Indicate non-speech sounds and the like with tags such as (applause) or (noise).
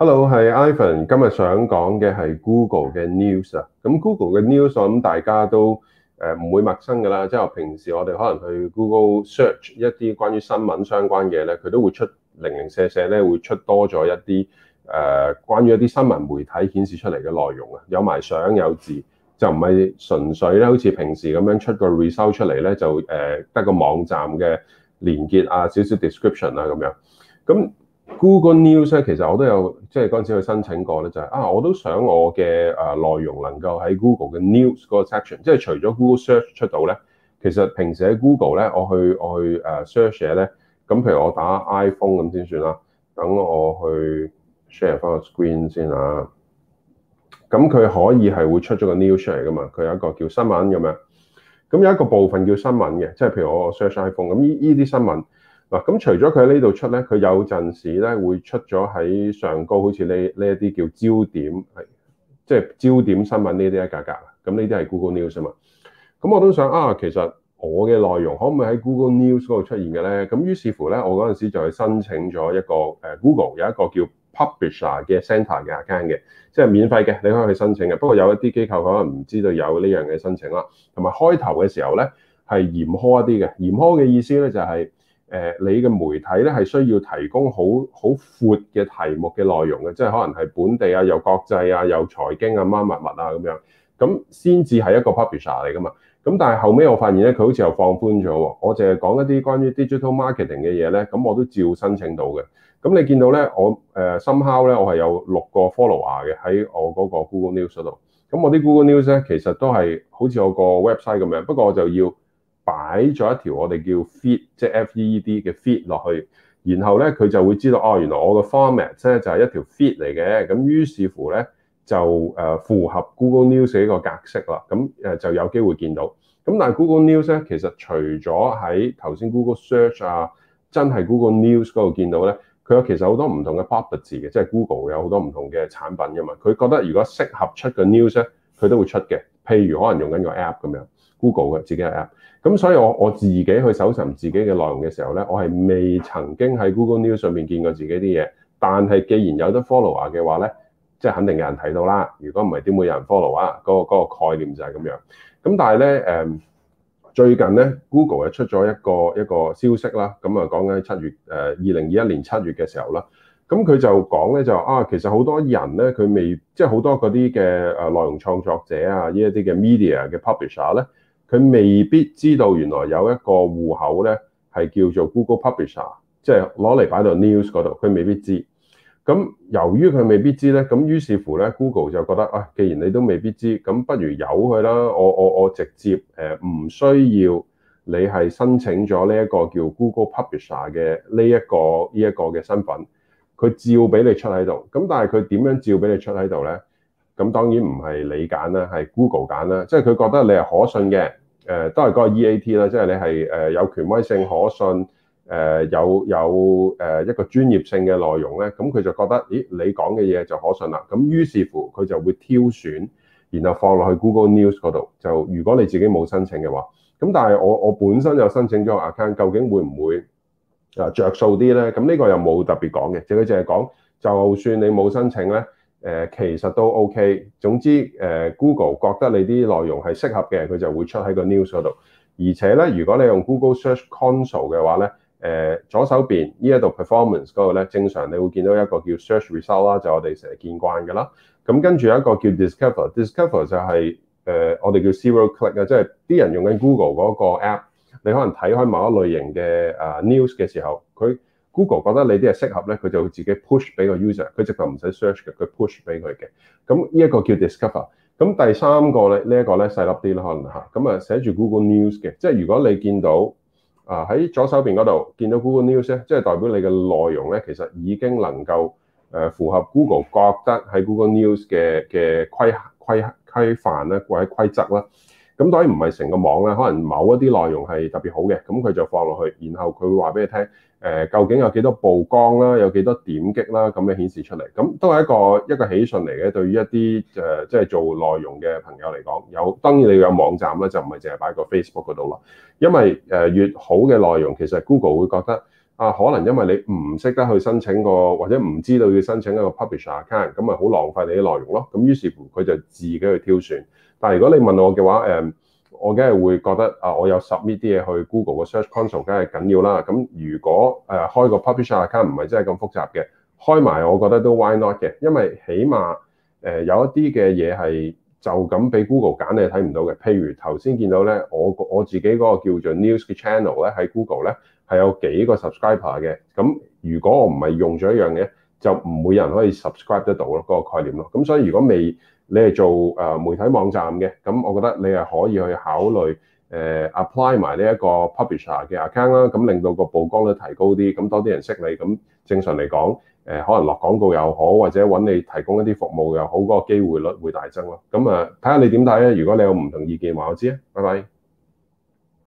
Hello，係 Ivan，今日想講嘅係 Google 嘅 news 啊。咁 Google 嘅 news 我諗大家都誒唔會陌生噶啦，即係平時我哋可能去 Google search 一啲關於新聞相關嘅咧，佢都會出零零舍舍咧，會出多咗一啲誒、呃、關於一啲新聞媒體顯示出嚟嘅內容啊，有埋相有字，就唔係純粹咧，好似平時咁樣出個 result 出嚟咧，就誒得個網站嘅連結啊，少少 description 啊咁樣，咁。Google News 咧，其實我都有即係嗰陣時去申請過咧、就係，就係啊，我都想我嘅啊內容能夠喺 Google 嘅 News 嗰個 section，即係除咗 Google Search 出到咧，其實平時喺 Google 咧，我去我去誒 search 嘢咧，咁譬如我打 iPhone 咁先算啦。等我去 share 翻個 screen 先啦，咁佢可以係會出咗個 news 出嚟㗎嘛？佢有一個叫新聞咁樣，咁有一個部分叫新聞嘅，即係譬如我 search iPhone 咁呢呢啲新聞。嗱，咁除咗佢喺呢度出咧，佢有陣時咧會出咗喺上高，好似呢呢一啲叫焦點，係即係焦點新聞呢啲嘅價格。咁呢啲係 Google News 啊嘛。咁我都想啊，其實我嘅內容可唔可以喺 Google News 嗰度出現嘅咧？咁於是乎咧，我嗰陣時就去申請咗一個誒 Google 有一個叫 Publisher 嘅 Centre 嘅 account 嘅，即係免費嘅，你可以去申請嘅。不過有一啲機構可能唔知道有呢樣嘅申請啦。同埋開頭嘅時候咧係嚴苛一啲嘅，嚴苛嘅意思咧就係。誒，你嘅媒體咧係需要提供好好闊嘅題目嘅內容嘅，即係可能係本地啊，又國際啊，又財經啊，乜乜物啊咁樣，咁先至係一個 publisher 嚟㗎嘛。咁但係後尾我發現咧，佢好似又放寬咗喎。我淨係講一啲關於 digital marketing 嘅嘢咧，咁我都照申請到嘅。咁你見到咧，我誒 somehow 咧，呃、我係有六個 follower 嘅喺我嗰個 Google News 度。咁我啲 Google News 咧，其實都係好似我個 website 咁樣，不過我就要。擺咗一條我哋叫 feed 即係 FED 嘅 feed 落去，然後咧佢就會知道哦，原來我個 format 咧就係一條 feed 嚟嘅，咁於是乎咧就誒符合 Google News 呢個格式啦，咁誒就有機會見到。咁但係 Google News 咧，其實除咗喺頭先 Google Search 啊，真係 Google News 嗰度見到咧，佢有其實好多唔同嘅 property 嘅，即係 Google 有好多唔同嘅產品噶嘛，佢覺得如果適合出嘅 news 咧，佢都會出嘅。譬如可能用緊個 app 咁樣。Google 嘅自己嘅 app，咁所以我我自己去搜尋自己嘅內容嘅時候咧，我係未曾經喺 Google News 上面見過自己啲嘢。但係既然有得 follow 下、er、嘅話咧，即係肯定有人睇到啦。如果唔係點會有人 follow 啊？嗰、嗰個嗰個概念就係咁樣。咁但係咧誒，最近咧 Google 又出咗一個一個消息啦。咁啊講緊七月誒二零二一年七月嘅時候啦，咁佢就講咧就是、啊，其實好多人咧佢未即係好多嗰啲嘅誒內容創作者啊，呢一啲嘅 media 嘅 publisher 咧，佢未必知道原來有一個戶口咧，係叫做 Google Publisher，即係攞嚟擺到 news 嗰度。佢未必知。咁由於佢未必知咧，咁於是乎咧，Google 就覺得啊、哎，既然你都未必知，咁不如由佢啦。我我我直接誒唔需要你係申請咗呢一個叫 Google Publisher 嘅呢一個呢一個嘅身份，佢照俾你出喺度。咁但係佢點樣照俾你出喺度咧？咁當然唔係你揀啦，係 Google 揀啦，即係佢覺得你係可信嘅，誒、呃、都係嗰個 EAT 啦，即係你係誒有權威性、可信，誒、呃、有有誒一個專業性嘅內容咧，咁佢就覺得，咦，你講嘅嘢就可信啦。咁於是乎佢就會挑選，然後放落去 Google News 嗰度。就如果你自己冇申請嘅話，咁但係我我本身就申請咗 account，究竟會唔會啊著數啲咧？咁呢個又冇特別講嘅，即係佢凈係講，就算你冇申請咧。誒、呃、其實都 OK，總之誒、呃、Google 覺得你啲內容係適合嘅，佢就會出喺個 news 嗰度。而且咧，如果你用 Google Search Console 嘅話咧，誒、呃、左手邊呢一度 performance 嗰度咧，正常你會見到一個叫 search result 啦，就我哋成日見慣㗎啦。咁、嗯、跟住有一個叫 discover，discover (music) (music) 就係、是、誒、呃、我哋叫 zero click 啊，即係啲人用緊 Google 嗰個 app，你可能睇開某一類型嘅啊 news 嘅時候，佢。Google 覺得你啲係適合咧，佢就會自己 push 俾個 user。佢直頭唔使 search 嘅，佢 push 俾佢嘅。咁呢一個叫 discover。咁第三個咧，這個、呢一個咧細粒啲啦，可能吓。咁啊，寫住 Google News 嘅。即係如果你到、呃、見到啊喺左手邊嗰度見到 Google News 咧，即係代表你嘅內容咧，其實已經能夠誒符合 Google 覺得喺 Google News 嘅嘅規規規範啦，或者規，規則啦。咁當然唔係成個網啦，可能某一啲內容係特別好嘅，咁佢就放落去，然後佢會話俾你聽，誒究竟有幾多曝光啦，有幾多點擊啦，咁樣顯示出嚟，咁都係一個一個喜訊嚟嘅。對於一啲誒即係做內容嘅朋友嚟講，有當然你要有網站啦，就唔係淨係擺個 Facebook 嗰度啦，因為誒越好嘅內容其實 Google 會覺得。啊，可能因為你唔識得去申請個，或者唔知道要申請一個 publisher account，咁咪好浪費你啲內容咯。咁於是乎佢就自己去挑選。但係如果你問我嘅話，誒、嗯，我梗係會覺得啊，我有 submit 啲嘢去 Google 嘅 search console，梗係緊要啦。咁如果誒、啊、開個 publisher account 唔係真係咁複雜嘅，開埋我覺得都 why not 嘅，因為起碼誒有一啲嘅嘢係就咁俾 Google 揀你睇唔到嘅。譬如頭先見到咧，我我自己嗰個叫做 news channel 咧喺 Google 咧，係有幾個 subscriber 嘅，咁如果我唔係用咗一樣嘅，就唔會有人可以 subscribe 得到咯，嗰、嗰個概念咯。咁所以如果未你係做媒體網站嘅，咁我覺得你係可以去考慮、呃、apply 埋呢一個 publisher 嘅 account 啦，咁令到個曝光率提高啲，咁多啲人認識你，咁正常嚟講、呃，可能落廣告又好，或者揾你提供一啲服務又好，嗰、嗰個機會率會大增咯。咁睇下你點睇咧？如果你有唔同意見，話我，我知。拜拜。